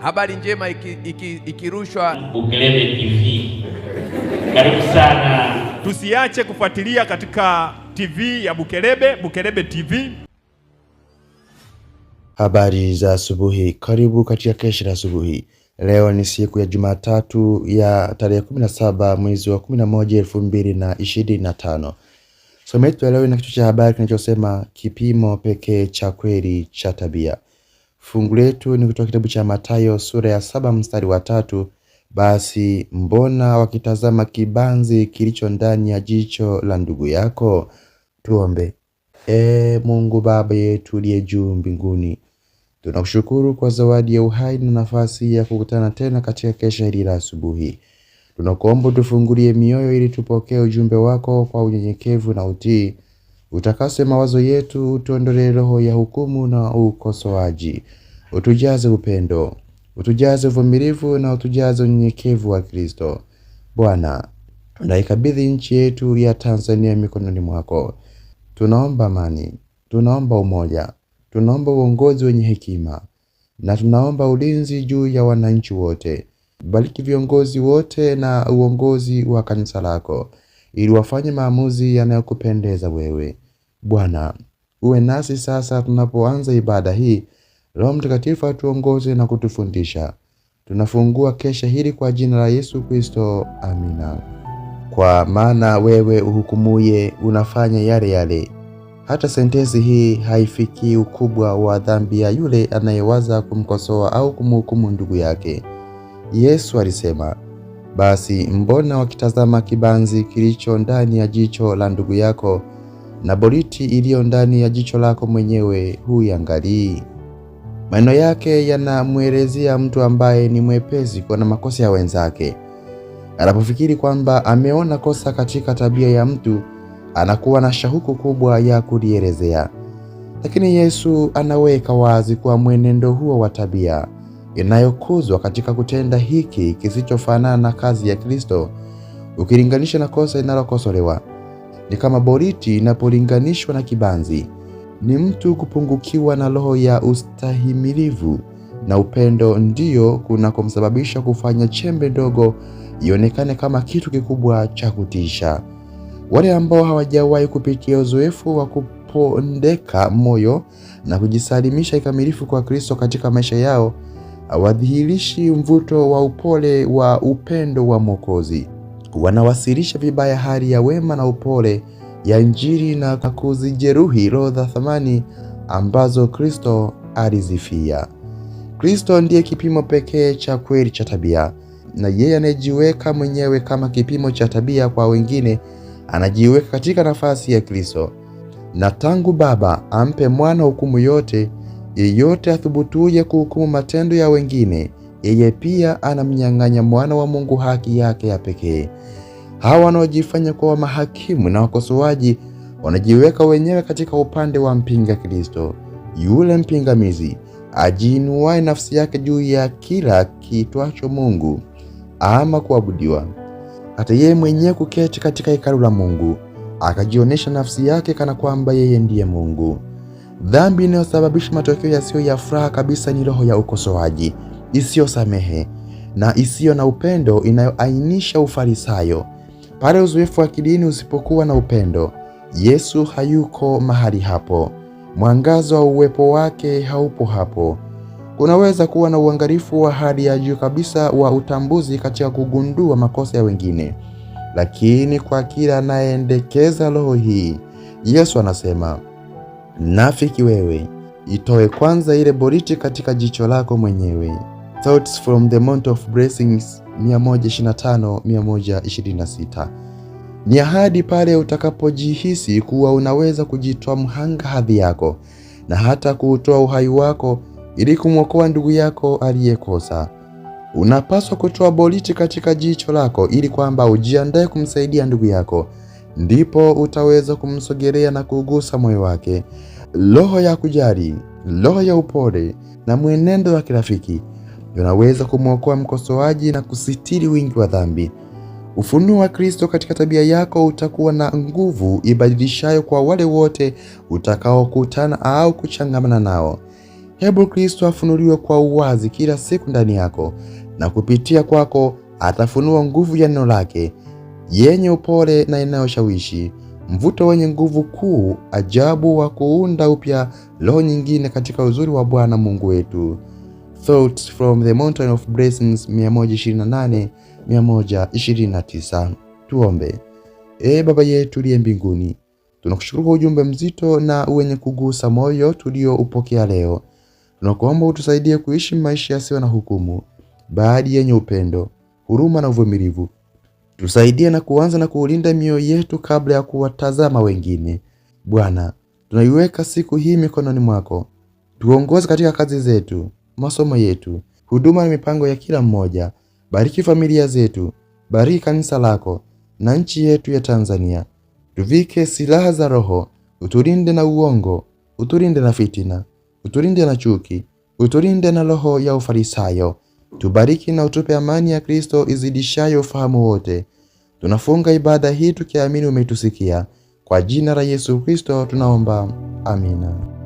Habari njema ikirushwa iki, iki Bukelebe TV. Karibu sana, tusiache kufuatilia katika TV ya Bukelebe, Bukelebe TV. Habari za asubuhi, karibu katika Kesha la Asubuhi. Leo ni siku ya Jumatatu ya tarehe 17 mwezi wa 11 2025. Somo letu leo ina kichwa cha habari kinachosema kipimo pekee cha kweli cha tabia. Fungu letu ni kutoka kitabu cha Mathayo sura ya saba mstari wa tatu basi mbona wakitazama kibanzi kilicho ndani ya jicho la ndugu yako? Tuombe. E Mungu Baba yetu uliye juu mbinguni, tunakushukuru kwa zawadi ya uhai na nafasi ya kukutana tena katika kesha hili la asubuhi. Tunakuomba tufungulie mioyo ili tupokee ujumbe wako kwa unyenyekevu na utii Utakase mawazo yetu, utuondolee roho ya hukumu na ukosoaji, utujaze upendo, utujaze uvumilivu na utujaze unyenyekevu wa Kristo. Bwana, tunaikabidhi nchi yetu ya Tanzania mikononi mwako. Tunaomba amani, tunaomba umoja, tunaomba uongozi wenye hekima na tunaomba ulinzi juu ya wananchi wote. Bariki viongozi wote na uongozi wa kanisa lako ili wafanye maamuzi yanayokupendeza wewe. Bwana, uwe nasi sasa tunapoanza ibada hii. Roho Mtakatifu atuongoze na kutufundisha. Tunafungua kesha hili kwa jina la Yesu Kristo, amina. Kwa maana wewe uhukumuye unafanya yale yale. Hata sentensi hii haifiki ukubwa wa dhambi ya yule anayewaza kumkosoa au kumhukumu ndugu yake. Yesu alisema basi mbona wakitazama kibanzi kilicho ndani ya jicho la ndugu yako, na boriti iliyo ndani ya jicho lako mwenyewe huiangalii? Maneno yake yanamwelezea mtu ambaye ni mwepesi kuona makosa ya wenzake. Anapofikiri kwamba ameona kosa katika tabia ya mtu, anakuwa na shauku kubwa ya kulielezea. Lakini Yesu anaweka wazi kuwa mwenendo huo wa tabia inayokuzwa katika kutenda hiki kisichofanana na kazi ya Kristo, ukilinganisha na kosa linalokosolewa. Ni kama boriti inapolinganishwa na kibanzi, ni mtu kupungukiwa na roho ya ustahimilivu na upendo ndiyo kunakomsababisha kufanya chembe ndogo ionekane kama kitu kikubwa cha kutisha. Wale ambao hawajawahi kupitia uzoefu wa kupondeka moyo na kujisalimisha kikamilifu kwa Kristo katika maisha yao hawadhihirishi mvuto wa upole wa upendo wa Mwokozi. Wanawasilisha vibaya hali ya wema na upole ya Injili na kuzijeruhi roho za thamani ambazo Kristo alizifia. Kristo ndiye kipimo pekee cha kweli cha tabia, na yeye anayejiweka mwenyewe kama kipimo cha tabia kwa wengine anajiweka katika nafasi ya Kristo. Na tangu Baba ampe Mwana hukumu yote, yeyote athubutuje kuhukumu matendo ya wengine, yeye pia anamnyang'anya mwana wa Mungu haki yake ya pekee. Hawa wanaojifanya kuwa mahakimu na wakosoaji wanajiweka wenyewe katika upande wa mpinga Kristo, yule mpingamizi ajiinuaye nafsi yake juu ya kila kiitwacho Mungu ama kuabudiwa, hata yeye mwenyewe kuketi katika hekalu la Mungu, akajionyesha nafsi yake kana kwamba yeye ndiye Mungu. Dhambi inayosababisha matokeo yasiyo ya furaha kabisa ni roho ya ukosoaji isiyosamehe na isiyo na upendo inayoainisha Ufarisayo. Pale uzoefu wa kidini usipokuwa na upendo, Yesu hayuko mahali hapo, mwangazo wa uwepo wake haupo hapo. Kunaweza kuwa na uangalifu wa hali ya juu kabisa wa utambuzi katika kugundua makosa ya wengine, lakini kwa kila anayeendekeza roho hii, Yesu anasema Mnafiki wewe, itoe kwanza ile boriti katika jicho lako mwenyewe. Thoughts from the Mount of Blessings 125 126. Ni ahadi pale utakapojihisi kuwa unaweza kujitoa mhanga hadhi yako na hata kuutoa uhai wako ili kumwokoa ndugu yako aliyekosa. Unapaswa kutoa boriti katika jicho lako ili kwamba ujiandae kumsaidia ndugu yako ndipo utaweza kumsogelea na kugusa moyo wake. Roho ya kujali, roho ya upole na mwenendo wa kirafiki vinaweza kumwokoa mkosoaji na kusitiri wingi wa dhambi. Ufunuo wa Kristo katika tabia yako utakuwa na nguvu ibadilishayo kwa wale wote utakaokutana au kuchangamana nao. Hebu Kristo afunuliwe kwa uwazi kila siku ndani yako, na kupitia kwako atafunua nguvu ya neno lake yenye upole na inayoshawishi, mvuto wenye nguvu kuu, ajabu wa kuunda upya roho nyingine katika uzuri wa Bwana Mungu wetu. Thoughts from the Mountain of Blessings 128 129. Tuombe. Ee Baba yetu uliye mbinguni, tunakushukuru kwa ujumbe mzito na wenye kugusa moyo tulioupokea leo. Tunakuomba utusaidie kuishi maisha yasiyo na hukumu, bali yenye upendo, huruma na uvumilivu tusaidie na kuanza na kuulinda mioyo yetu kabla ya kuwatazama wengine. Bwana, tunaiweka siku hii mikononi mwako, tuongoze katika kazi zetu, masomo yetu, huduma na mipango ya kila mmoja. Bariki familia zetu, bariki kanisa lako na nchi yetu ya Tanzania. Tuvike silaha za Roho, utulinde na uongo, utulinde na fitina, utulinde na chuki, utulinde na roho ya ufarisayo Tubariki na utupe amani ya Kristo izidishayo ufahamu wote. Tunafunga ibada hii tukiamini umetusikia. Kwa jina la Yesu Kristo tunaomba, amina.